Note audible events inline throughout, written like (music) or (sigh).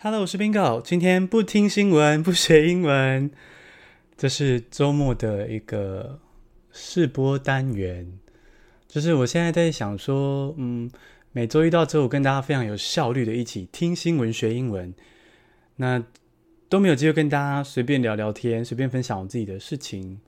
Hello，我是賓狗。今天不聽新聞，不學英文，這是周末的一個試播單元。就是我現在在想說，嗯，每周一到周五跟大家非常有效率的一起聽新聞、學英文，那都沒有機會跟大家隨便聊聊天，隨便分享我自己的事情。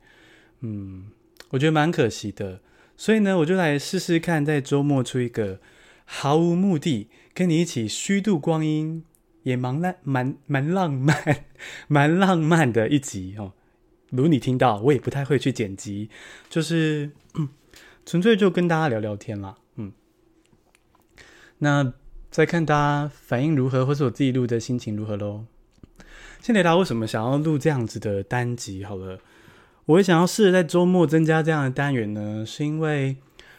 嗯，我覺得蠻可惜的。所以呢，我就來試試看，在周末出一個毫無目的，跟你一起虛度光陰。也蠻浪，蠻蠻浪漫，蠻浪漫的一集哦。如你聽到，我也不太會去剪輯，就是純粹就跟大家聊聊天啦。嗯，那再看大家反應如何，或是我自己錄的心情如何嘍。現在大家為什麼想要錄這樣子的單集好了。我會想要試着在周末增加這樣的單元呢，是因為，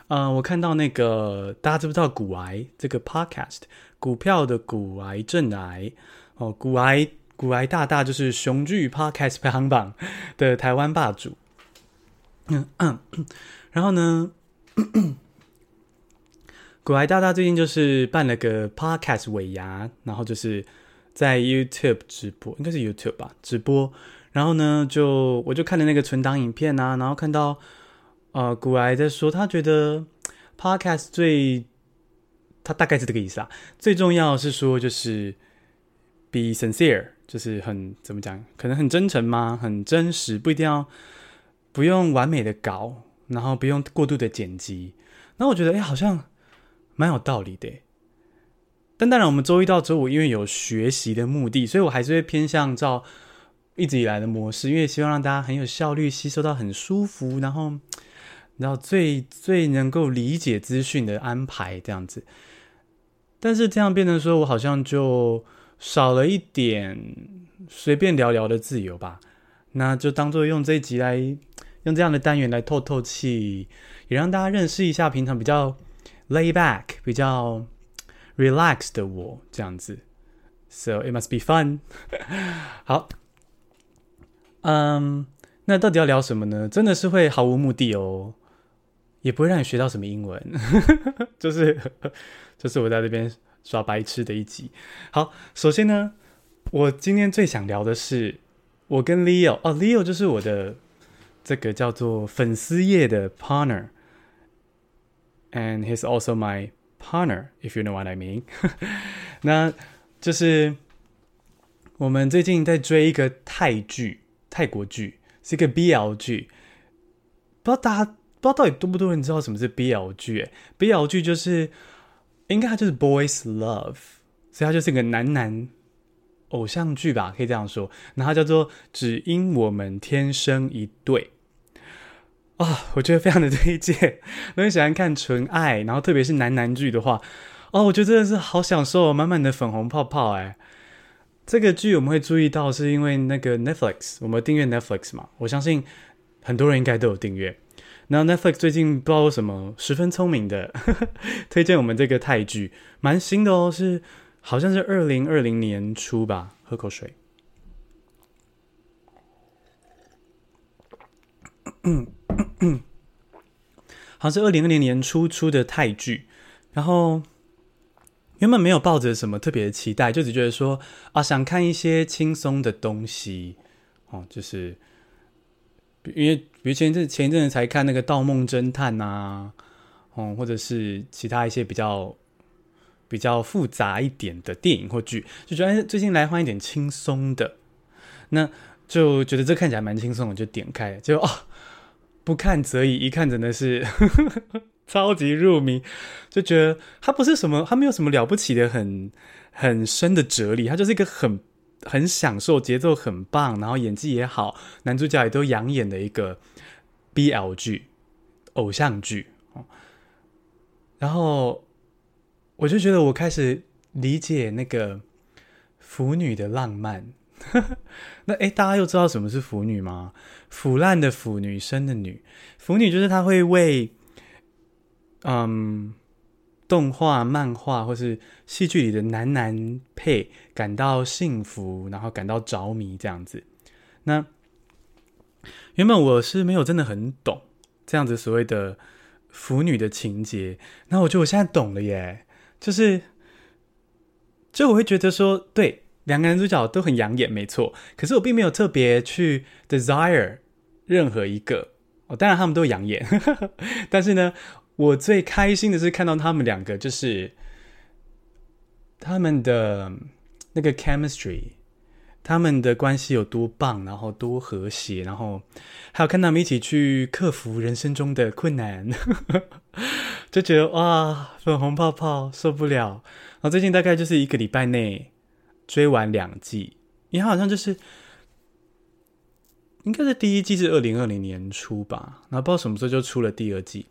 呃，我看到那個大家知不知道股癌這個 podcast？股票的股癌症癌哦，股癌股癌大大就是雄踞 Podcast 排行榜的台灣霸主嗯嗯。嗯，然後呢，股癌大大最近就是辦了個 Podcast 尾牙，然後就是在 YouTube 直播，應該是 YouTube 吧，直播。然後呢，就我就看了那個存檔影片啊，然後看到啊，呃、股癌在說他覺得 Podcast 最。他大概是這個意思啊。最重要是說，就是 be sincere，就是很怎麼講，可能很真誠嘛，很真實，不一定要不用完美的稿，然後不用過度的剪輯。那我覺得，哎、欸，好像蠻有道理的。但當然，我們周一到周五因為有學習的目的，所以我還是會偏向照一直以來的模式，因為希望讓大家很有效率，吸收到很舒服，然後然後最最能夠理解資訊的安排這樣子。但是這樣變成說，我好像就少了一點隨便聊聊的自由吧。那就當做用這一集來，用這樣的單元來透透氣，也讓大家認識一下平常比較 lay back、比較 relax 的我這樣子。So it must be fun。 (laughs) 好，嗯、um，那到底要聊什麼呢？真的是會毫無目的哦，也不會讓你學到什麼英文， (laughs) 就是。這是我在這邊耍白痴的一集。好，首先呢，我今天最想聊的是我跟 Leo 哦，Leo 就是我的這個叫做粉絲頁的 partner，and he's also my partner if you know what I mean。 (laughs) 那就是我們最近在追一個泰劇，泰國劇是一個 BL 劇，不知道大家不知道到底多不多人知道什麼是 BL 劇、欸？哎，BL 劇就是。應該它就是 boys love，所以它就是一個男男偶像劇吧，可以這樣說。然後叫做《只因我們天生一對》啊、哦，我覺得非常的推薦。我很喜歡看純愛，然後特別是男男劇的話，哦，我覺得真的是好享受，滿滿的粉紅泡泡哎、欸。這個劇我們會注意到，是因為那個 Netflix，我們訂閱 Netflix 嘛。我相信很多人應該都有訂閱。然後 Netflix 最近不知道為什麼十分聰明的呵呵推薦我們這個泰劇，蠻新的哦，是好像是二零二零年初吧。喝口水， (coughs) 好像是二零二零年初出的泰劇。然後原本沒有抱着什麼特別的期待，就只覺得說啊，想看一些輕鬆的東西哦，就是。因為比如，前陣前一陣才看那個、啊《盜夢偵探》吶，哦，或者是其他一些比較比較複雜一點的電影或劇，就覺得、欸、最近來換一點輕鬆的，那就覺得這看起來蠻輕鬆的，就點開就哦。不看則已，一看真的是呵呵超級入迷，就覺得它不是什麼，它沒有什麼了不起的很很深的哲理，它就是一個很。很享受，節奏很棒，然後演技也好，男主角也都養眼的一個 BL 劇偶像劇。然後我就覺得我開始理解那個腐女的浪漫。 (laughs) 那哎，大家又知道什麼是腐女嗎？腐爛的腐，女生的女，腐女就是她會為嗯，動畫、漫畫或是戲劇裡的男男配感到幸福，然後感到着迷這樣子。那原本我是沒有真的很懂這樣子所謂的腐女的情節，那我覺得我現在懂了耶。就是，就我會覺得說，對，兩個男主角都很養眼，沒錯。可是我並沒有特別去 desire 任何一個哦，當然他們都養眼呵呵，但是呢。我最開心的是看到他們兩個，就是他們的那個 chemistry，他們的關係有多棒，然後多和諧，然後還有看他們一起去克服人生中的困難， (laughs) 就覺得哇，粉紅泡泡受不了。然後最近大概就是一個禮拜內追完兩季，你好像就是，應該是第一季是二零二零年初吧，然後不知道什麼時候就出了第二季。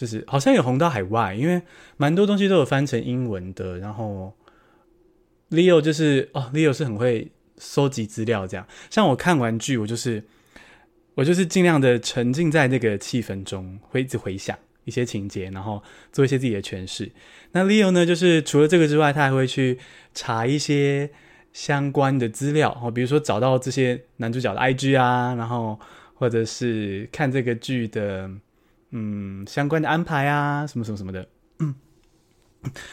就是好像有紅到海外，因為蠻多東西都有翻成英文的。然後 Leo 就是哦，Leo 是很會搜集資料這樣。像我看完劇，我就是我就是盡量的沉浸在那個氣氛中，會一直回想一些情節，然後做一些自己的詮釋。那 Leo 呢，就是除了這個之外，他還會去查一些相關的資料，哦，比如說找到這些男主角的 IG 啊，然後或者是看這個劇的。嗯，相關的安排啊，什麼什麼什麼的，嗯、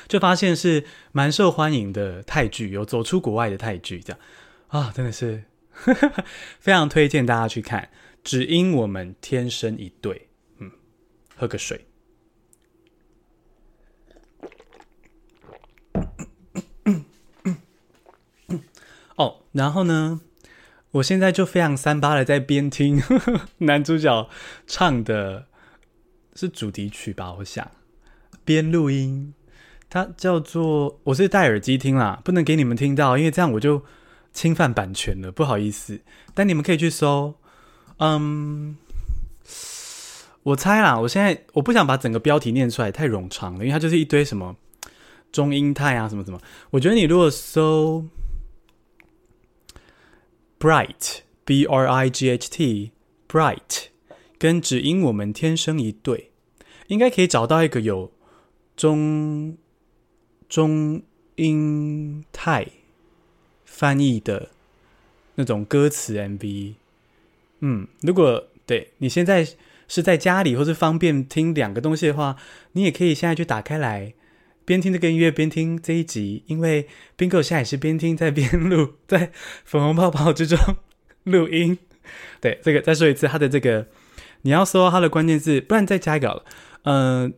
就發現是蠻受歡迎的泰劇，有走出國外的泰劇，這樣啊，真的是 (laughs) 非常推薦大家去看，《只因我們天生一對》。嗯，喝個水、嗯嗯嗯嗯嗯。哦，然後呢，我現在就非常三八的在邊聽 (laughs) 男主角唱的。是主題曲吧？我想邊錄音，它叫做……我是戴耳機聽啦，不能給你們聽到，因為這樣我就侵犯版權了，不好意思。但你們可以去搜，嗯、um,，我猜啦。我現在我不想把整個標題念出來，太冗長了，因為它就是一堆什麼中英泰啊什麼什麼。我覺得你如果搜 Bright b r i g h t Bright。跟只因我們天生一對，應該可以找到一個有中中英泰翻譯的那種歌詞 MV。嗯，如果對你現在是在家裡或是方便聽兩個東西的話，你也可以現在去打開來，邊聽這個音樂邊聽這一集，因為 Bingo 現在也是邊聽在邊錄，在粉紅泡泡之中錄音。對，這個再說一次，它的這個。你要搜它的關鍵字，不然再加一個了，嗯、呃，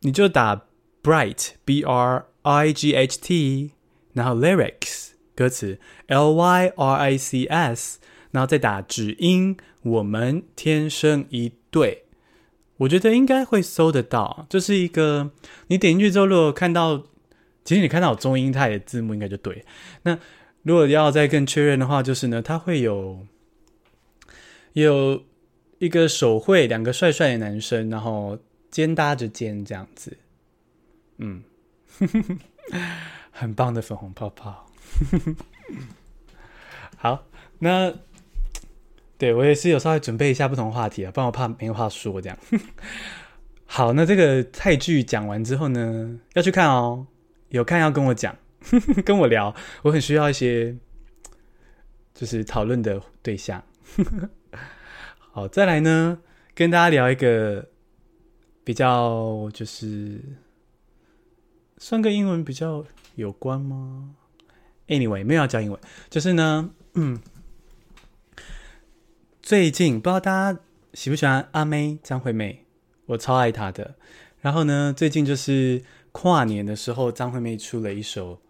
你就打 bright bright, b r i g h t，然後 lyrics 歌詞 l y r i c s，然後再打只因我們天生一對，我覺得應該會搜得到。這、就是一個你點進去之後，如果看到，其實你看到中英泰的字幕，應該就對。那如果要再更確認的話，就是呢，它會有有。一個手繪，兩個帥帥的男生，然後肩搭着肩這樣子，嗯， (laughs) 很棒的粉紅泡泡， (laughs) 好，那對我也是有稍微準備一下不同話題啊，不然我怕沒話說這樣。 (laughs) 好，那這個泰劇講完之後呢，要去看哦，有看要跟我講， (laughs) 跟我聊，我很需要一些就是討論的對象。 (laughs) 好，再來呢，跟大家聊一個比較，就是算個英文比較有關嗎？Anyway，沒有要教英文，就是呢，嗯，最近不知道大家喜不喜歡阿妹張惠妹，我超愛她的。然後呢，最近就是跨年的時候，張惠妹出了一首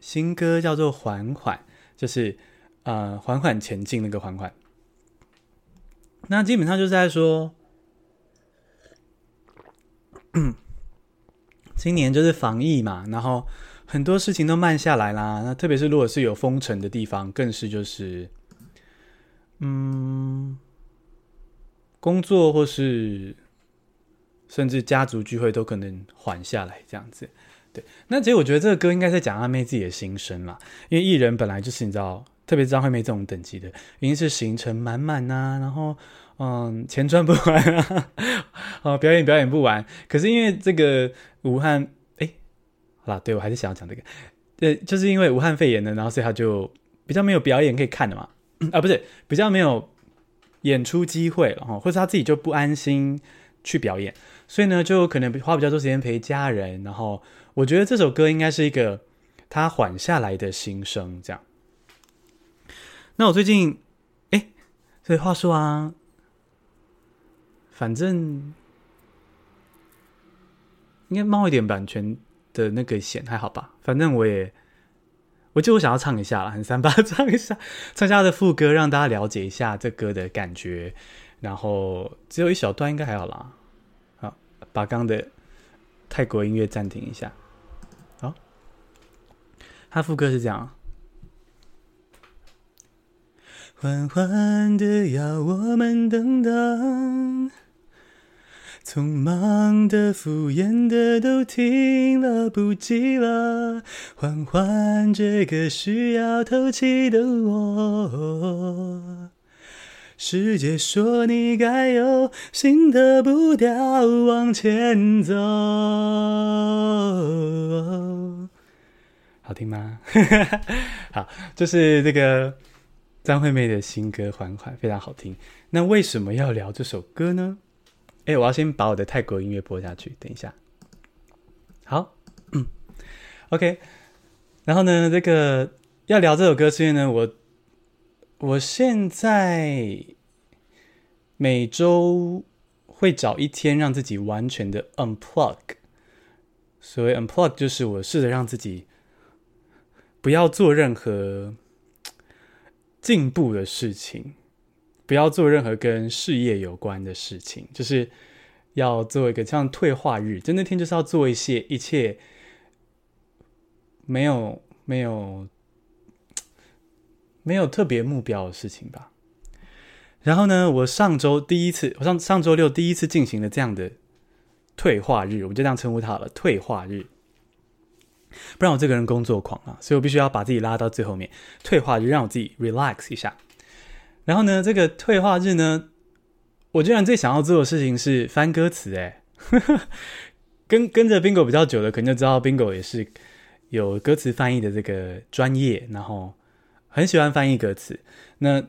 新歌，叫做《緩緩》，就是啊，呃，緩緩前進那個緩緩。那基本上就是在說，今年就是防疫嘛，然後很多事情都慢下來啦。那特別是如果是有封城的地方，更是就是，嗯，工作或是甚至家族聚會都可能緩下來這樣子。對，那其實我覺得這個歌應該在講阿妹自己的心聲嘛，因為藝人本來就是你知道。特別張惠妹這種等級的，已經是行程滿滿吶，然後嗯，錢賺不完啊，哦、嗯，表演表演不完。可是因為這個武漢，哎、欸，好啦，對我還是想要講這個，對，就是因為武漢肺炎呢，然後所以他就比較沒有表演可以看的嘛，啊，不是，比較沒有演出機會了哈，或者他自己就不安心去表演，所以呢，就可能花比較多時間陪家人。然後我覺得這首歌應該是一個他緩下來的心聲，這樣。那我最近，哎，所以話說啊，反正應該冒一點版權的那個險還好吧？反正我也，我就我想要唱一下啦，很三八唱一下，唱一下他的副歌，讓大家了解一下這歌的感覺。然後只有一小段，應該還好啦。好，把剛的泰國音樂暫停一下。好，他副歌是這樣。緩緩的要我們等等，匆忙的、敷衍的都停了，不急了。緩緩，這個需要透氣的我。世界說你該有新的步調往前走。好聽嗎？ (laughs) 好，就是這個。張惠妹的新歌《緩緩》非常好聽。那為什麼要聊這首歌呢？誒、欸，我要先把我的泰國音樂播下去。等一下，好，嗯，OK。然後呢，這個要聊這首歌是因為呢，我我現在每周會找一天讓自己完全的 unplug。所謂 unplug，就是我試着讓自己不要做任何。進步的事情，不要做任何跟事業有關的事情，就是要做一個像退化日，就那天就是要做一些一切沒有沒有沒有特別目標的事情吧。然後呢，我上周第一次，我上上周六第一次進行了這樣的退化日，我就這樣稱呼它好了，退化日。不然我這個人工作狂啊，所以我必須要把自己拉到最後面退化，就讓我自己 relax 一下。然後呢，這個退化日呢，我居然最想要做的事情是翻歌詞欸、呵， (laughs) 跟跟着 Bingo 比較久了，可能就知道 Bingo 也是有歌詞翻譯的這個專業，然後很喜歡翻譯歌詞。那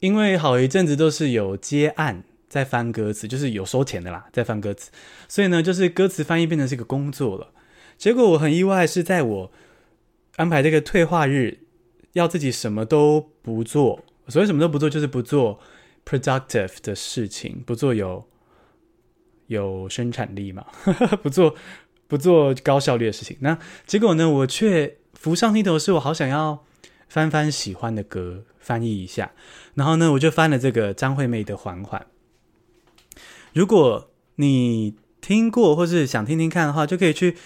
因為好一陣子都是有接案在翻歌詞，就是有收錢的啦，在翻歌詞，所以呢，就是歌詞翻譯變成是一個工作了。結果我很意外，是在我安排這個退化日，要自己什麼都不做。所謂什麼都不做，就是不做 productive 的事情，不做有有生產力嘛， (laughs) 不做不做高效率的事情。那結果呢，我卻浮上心頭，是我好想要翻翻喜歡的歌，翻譯一下。然後呢，我就翻了這個張惠妹的《緩緩》。如果你聽過或是想聽聽看的話，就可以去。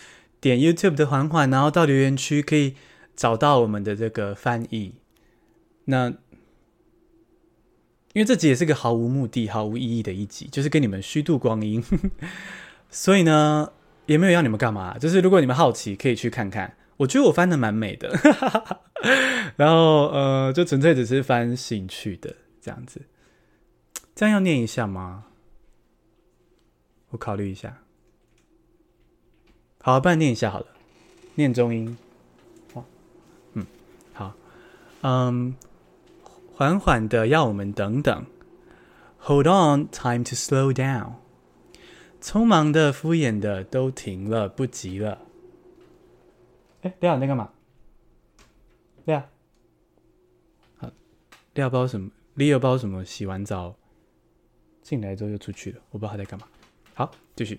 點 YouTube 的緩緩，然後到留言區可以找到我們的這個翻譯。那因為這集也是個毫無目的、毫無意義的一集，就是跟你們虛度光陰， (laughs) 所以呢，也沒有要你們幹嘛啊。就是如果你們好奇，可以去看看。我覺得我翻的蠻美的，哈哈哈。然後呃，就純粹只是翻興趣的這樣子。這樣要念一下嗎？我考慮一下。好好幫你念一下好了，念中音。好，嗯，好，嗯，緩緩的要我們等等，Hold on time to slow down。匆忙的、敷衍的都停了，不急了。哎、欸，廖你在幹嘛？廖，好，料包什麼？廖包什麼？洗完澡進來之後又出去了，我不知道他在幹嘛。好，繼續。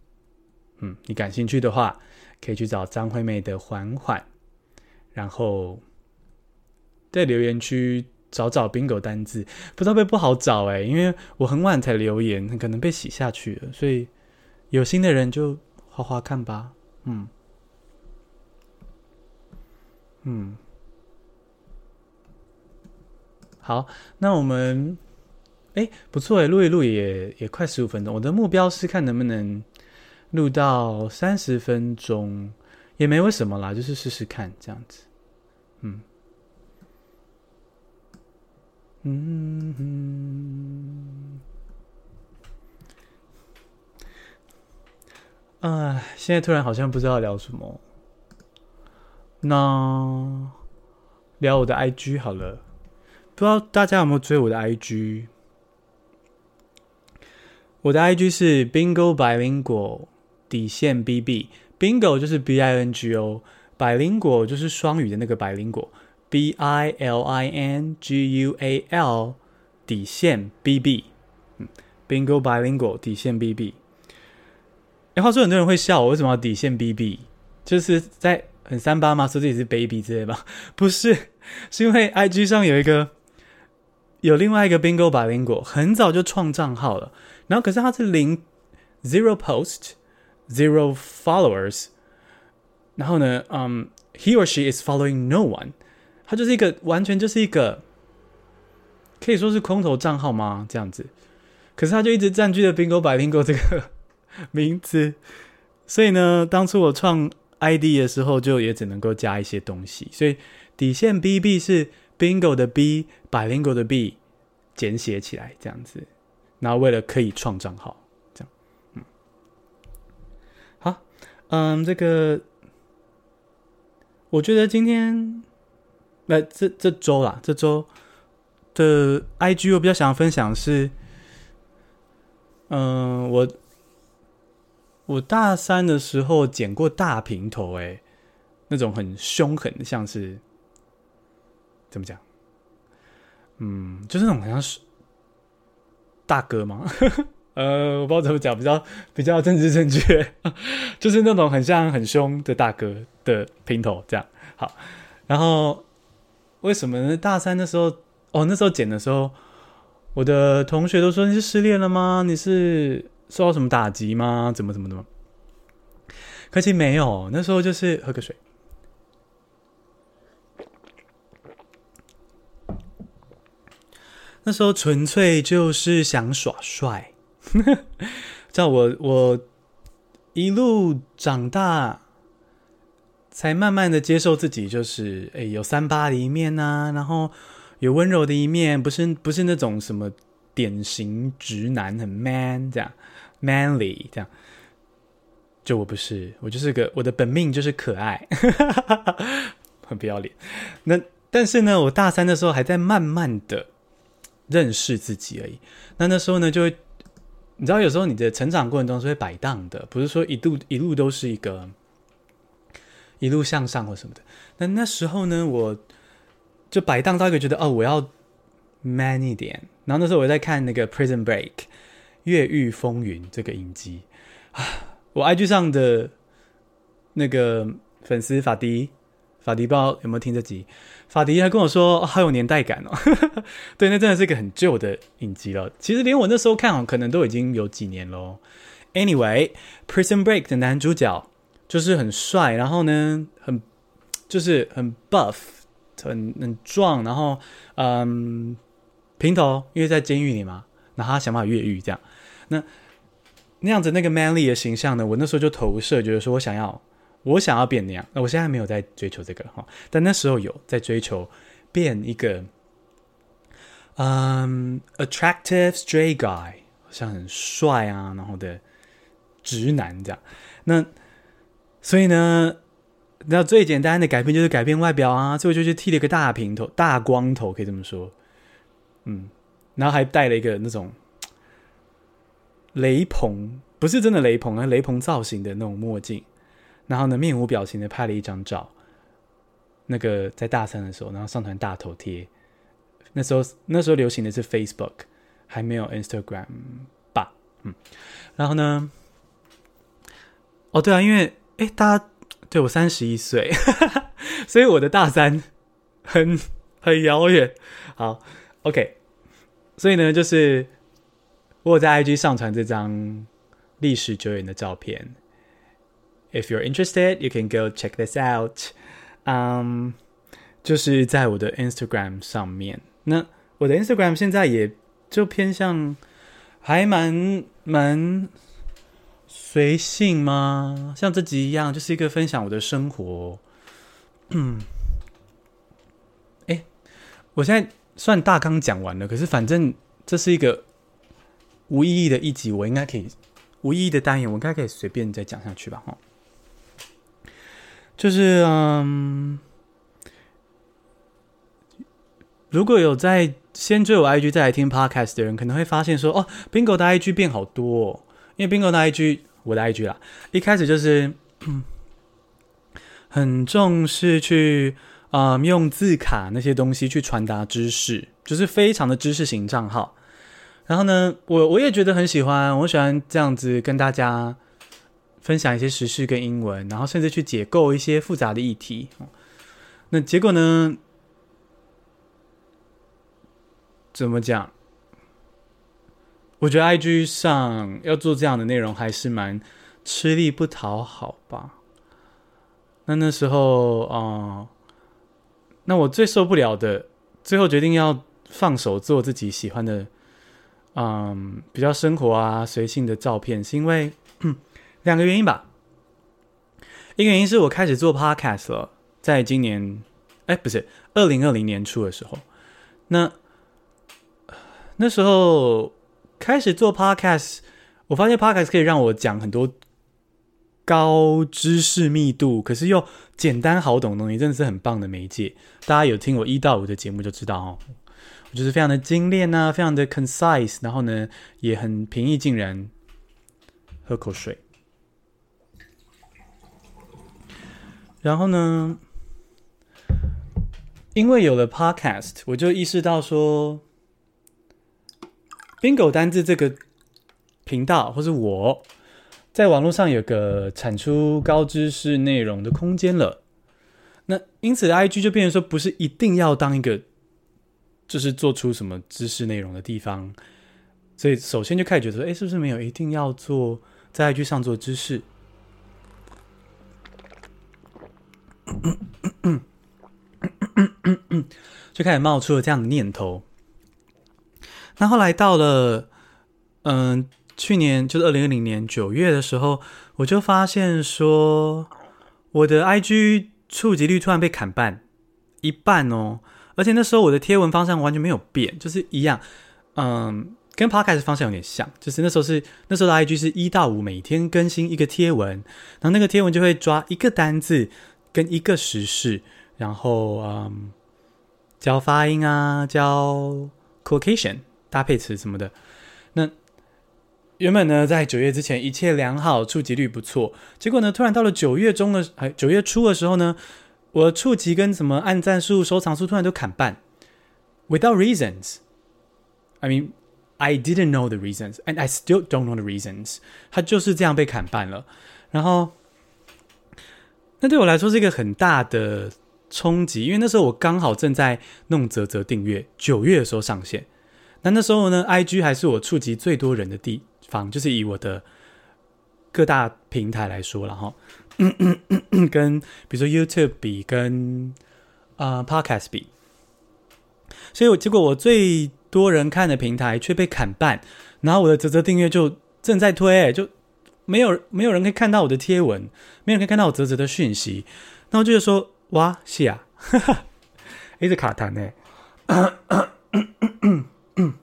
嗯，你感興趣的話，可以去找張惠妹的《緩緩》，然後在留言區找找 Bingo 單字，不知道被不好找哎、欸，因為我很晚才留言，可能被洗下去了，所以有心的人就滑滑看吧。嗯，嗯，好，那我們哎、欸、不錯哎、欸，錄一錄也也快十五分鐘，我的目標是看能不能。錄到三十分鐘也沒為什麼啦，就是試試看這樣子。嗯嗯嗯嗯、呃，現在突然好像不知道聊什麼。那聊我的 IG 好了，不知道大家有沒有追我的 IG？我的 IG 是 Bingo Bilingual 底線 BB，Bingo 就是 B I N G O，bilingual 就是雙語的那個百靈果，B I L I N G U A L。底線 BB，嗯，Bingo bilingual 底線 BB。哎，話說很多人會笑我為什麼要底線 BB，就是在很三八嘛，說自己是 baby 之類吧？不是，是因為 IG 上有一個有另外一個 Bingo bilingual，很早就創賬號了，然後可是他是零 zero post。Zero followers，然後呢，嗯，he or she is following no one，他就是一個完全就是一個可以說是空頭賬號嗎？這樣子，可是他就一直佔據了 Bingo Bilingual 這個呵呵名字，所以呢，當初我創 ID 的時候就也只能夠加一些東西，所以底線 BB 是 Bingo 的 B Bilingual 的 B 簡寫起來這樣子，然後為了可以創賬號。嗯，這個我覺得今天那這這週啦，這週的 IG 我比較想要分享的是，嗯，我我大三的時候剪過大平頭誒、欸，那種很兇狠，像是怎麼講？嗯，就是那種好像是大哥嗎？ (laughs) 呃，我不知道怎麼講，比較比較政治正確，就是那種很像很凶的大哥的平頭這樣。好，然後為什麼呢？大三的時候，哦，那時候剪的時候，我的同學都說你是失戀了嗎？你是受到什麼打擊嗎？怎麼怎麼怎麼？可惜沒有，那時候就是喝個水。那時候純粹就是想耍帥。這樣， (laughs) 我我一路長大，才慢慢的接受自己，就是哎、欸，有三八的一面吶、啊，然後有溫柔的一面，不是不是那種什麼典型直男很 man 這樣 manly 這樣，就我不是，我就是個我的本命就是可愛，哈哈哈，很不要臉。那但是呢，我大三的時候還在慢慢的認識自己而已。那那時候呢，就會。你知道，有時候你的成長過程中是會擺蕩的，不是說一度，一路都是一個一路向上或什麼的。那那時候呢，我就擺蕩到一個覺得哦，我要 man 一點。然後那時候我在看那個《Prison Break》越獄風雲這個影集啊，我 IG 上的那個粉絲法迪，法迪不知道有沒有聽這集。法迪還跟我說，哦：“好有年代感哦， (laughs) 對，那真的是一個很舊的影集了。其實連我那時候看哦，可能都已經有幾年嘍。”Anyway，《Prison Break》的男主角就是很帥，然後呢，很就是很 buff，很很壯，然後嗯，平頭，因為在監獄裡嘛，然後他想法越獄這樣。那那樣子那個 manly 的形象呢，我那時候就投射，覺得說我想要。我想要變那樣，那我現在沒有在追求這個哈，但那時候有在追求變一個，嗯、um，attractive straight guy 好像很帥啊，然後的直男這樣。那所以呢，那最簡單的改變就是改變外表啊，最後就是剃了一個大平頭，大光頭，可以這麼說。嗯，然後還戴了一個那種雷朋，不是真的雷朋啊，雷朋造型的那種墨鏡。然後呢，面無表情的拍了一張照，那個在大三的時候，然後上傳大頭貼。那時候那時候流行的是 Facebook，還沒有 Instagram 吧，嗯。然後呢，哦對啊，因為哎，大家對我三十一歲呵呵，所以我的大三很很遙遠。好，OK，所以呢，就是我，我在 IG 上傳這張歷史久遠的照片。If you're interested, you can go check this out. Um, 就是在我的 Instagram 上面。那我的 Instagram 現在也就偏向，還蠻蠻隨性嗎？像這集一樣，就是一個分享我的生活。嗯，誒，我現在算大綱講完了，可是反正這是一個無意義的一集，我應該可以無意義的單元，我應該可以隨便再講下去吧？哦。就是嗯，如果有在先追我 IG 再來聽 Podcast 的人，可能會發現說哦賓狗的 IG 變好多、哦，因為賓狗的 IG 我的 IG 啦，一開始就是很重視去啊、嗯、用字卡那些東西去傳達知識，就是非常的知識型賬號。然後呢，我我也覺得很喜歡，我喜歡這樣子跟大家。分享一些時事跟英文，然後甚至去解構一些複雜的議題。那結果呢？怎麼講？我覺得 IG 上要做這樣的內容還是蠻吃力不討好吧。那那時候啊、呃，那我最受不了的，最後決定要放手做自己喜歡的，嗯、呃，比較生活啊、隨性的照片，是因為。 (coughs) 兩個原因吧，一個原因是我開始做 podcast 了，在今年，哎、欸，不是二零二零年初的時候，那那時候開始做 podcast，我發現 podcast 可以讓我講很多高知識密度，可是又簡單好懂的東西，真的是很棒的媒介。大家有聽我一到五的節目就知道哦，我就是非常的精煉啊，非常的 concise，然後呢，也很平易近人。喝口水。然後呢，因為有了 Podcast，我就意識到說，Bingo 單字這個頻道，或是我在網絡上有個產出高知識內容的空間了。那因此的，IG 就變成說，不是一定要當一個就是做出什麼知識內容的地方。所以，首先就開始覺得說，哎，是不是沒有一定要做在 IG 上做知識？ (coughs) 就開始冒出了這樣的念頭。那後來到了，嗯，去年就是二零二零年九月的時候，我就發現說，我的 IG 觸及率突然被砍半一半哦，而且那時候我的貼文方向完全沒有變，就是一樣，嗯，跟 Podcast 方向有點像，就是那時候是那時候的 IG 是一到五，每天更新一個貼文，然後那個貼文就會抓一個單字。跟一個時事，然後嗯，教、um, 發音啊，教 collocation 搭配詞什麼的。那原本呢，在九月之前一切良好，觸及率不錯。結果呢，突然到了九月中的哎九月初的時候呢，我觸及跟什麼按讚數、收藏數突然都砍半，without reasons。I mean, I didn't know the reasons, and I still don't know the reasons。他就是這樣被砍半了，然後。那對我來說是一個很大的衝擊，因為那時候我剛好正在弄嘖嘖訂閱，九月的時候上線。那那時候呢，IG 還是我觸及最多人的地方，就是以我的各大平台來說，然後、嗯嗯嗯嗯、跟比如說 YouTube 比，跟啊、呃、Podcast 比，所以我結果我最多人看的平台卻被砍半，然後我的嘖嘖訂閱就正在推，就。沒有沒有人可以看到我的貼文，沒有人可以看到我嘖嘖的訊息，那我就是說，哇，是啊，一直、欸、卡痰呢、啊啊嗯嗯嗯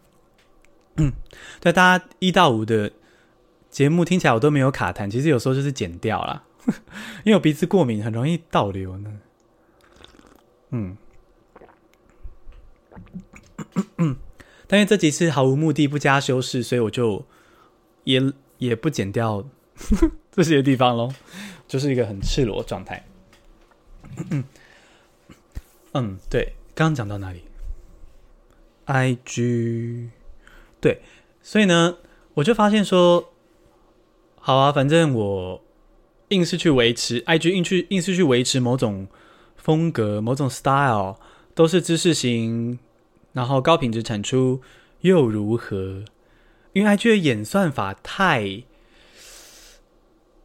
嗯。對，大家一到五的節目聽起來我都沒有卡痰，其實有時候就是剪掉了，因為我鼻子過敏，很容易倒流呢。嗯，嗯嗯嗯但因為這是這幾次毫無目的、不加修飾，所以我就也。也不剪掉呵呵，這些地方咯，就是一個很赤裸的狀態。嗯，對，剛剛講到哪裡？IG，對，所以呢，我就發現說，好啊，反正我硬是去維持 IG，硬去硬是去維持某種風格、某種 style，都是知識型，然後高品質產出又如何？因為 IG 的演算法太，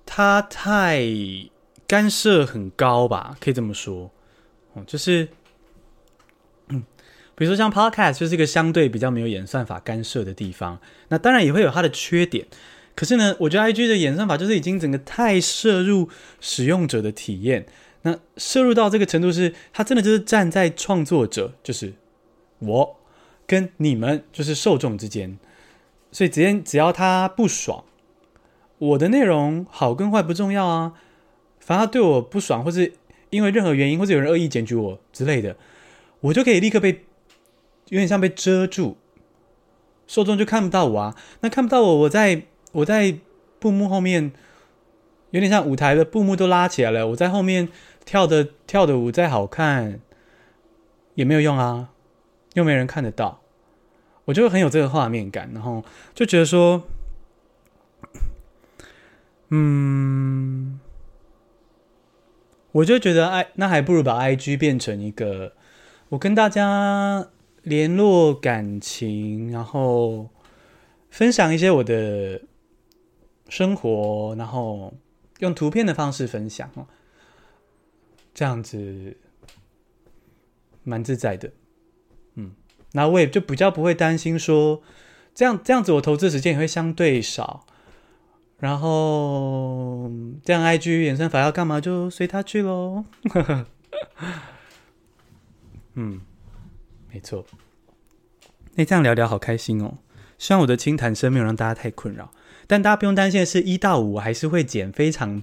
他太干涉很高吧，可以這麼說。哦、嗯，就是、嗯，比如說像 Podcast，就是一個相對比較沒有演算法干涉的地方。那當然也會有它的缺點。可是呢，我覺得 IG 的演算法就是已經整個太涉入使用者的體驗。那涉入到這個程度是，是它真的就是站在創作者，就是我跟你們，就是受眾之間。所以，只要只要他不爽，我的內容好跟壞不重要啊，反而他對我不爽，或是因為任何原因，或是有人惡意檢舉我之類的，我就可以立刻被有點像被遮住，受眾就看不到我啊。那看不到我，我在我在布幕後面，有點像舞台的布幕都拉起來了，我在後面跳的跳的舞再好看，也沒有用啊，又沒人看得到。我就很有這個畫面感，然後就覺得說，嗯，我就覺得，哎，那還不如把 IG 變成一個我跟大家聯絡感情，然後分享一些我的生活，然後用圖片的方式分享哦，這樣子蠻自在的。那我也就比較不會擔心說，這樣這樣子我投資時間也會相對少，然後這樣 I G 演算法要幹嘛就隨他去嘍。 (laughs) 嗯，沒錯，那、欸、這樣聊聊好開心哦。雖然我的清談聲沒有讓大家太困擾，但大家不用擔心，是一到五我還是會剪非常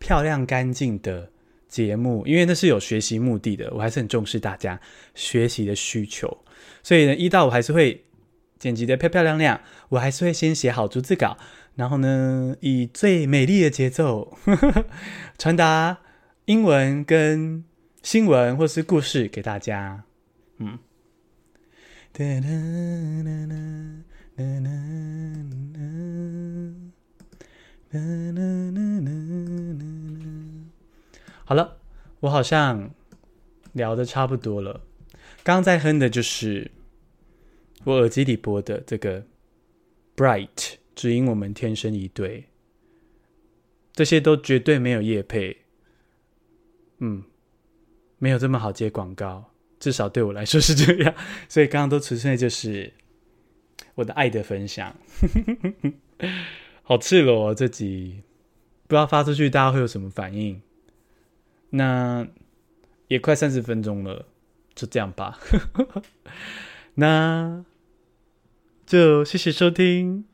漂亮乾淨的節目，因為那是有學習目的的，我還是很重視大家學習的需求。所以呢，一到五還是會剪輯的漂漂亮亮，我還是會先寫好逐字稿，然後呢，以最美麗的節奏傳達英文跟新聞或是故事給大家。嗯，啦啦啦啦啦啦啦啦啦啦啦啦啦。好了，我好像聊得差不多了。剛剛在哼的就是我耳機裡播的這個《Bright》，只因我們天生一對。這些都絕對沒有業配，嗯，沒有這麼好接廣告，至少對我來說是這樣。所以剛剛都純粹就是我的愛的分享， (laughs) 好赤裸哦。這集不知道發出去大家會有什麼反應？那也快三十分鐘了。就這樣吧， (laughs) 那就謝謝收聽。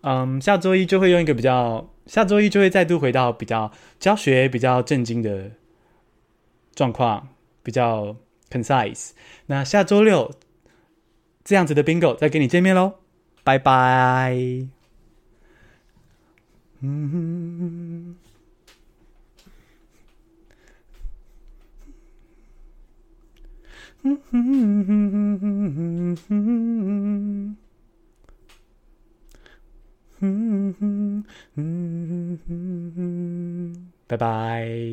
嗯，下週一就會用一個比較，下週一就會再度回到比較教學比較正經的狀況，比較 concise。那下週六這樣子的 Bingo 再跟你見面嘍，拜拜。嗯哼。嗯，拜拜。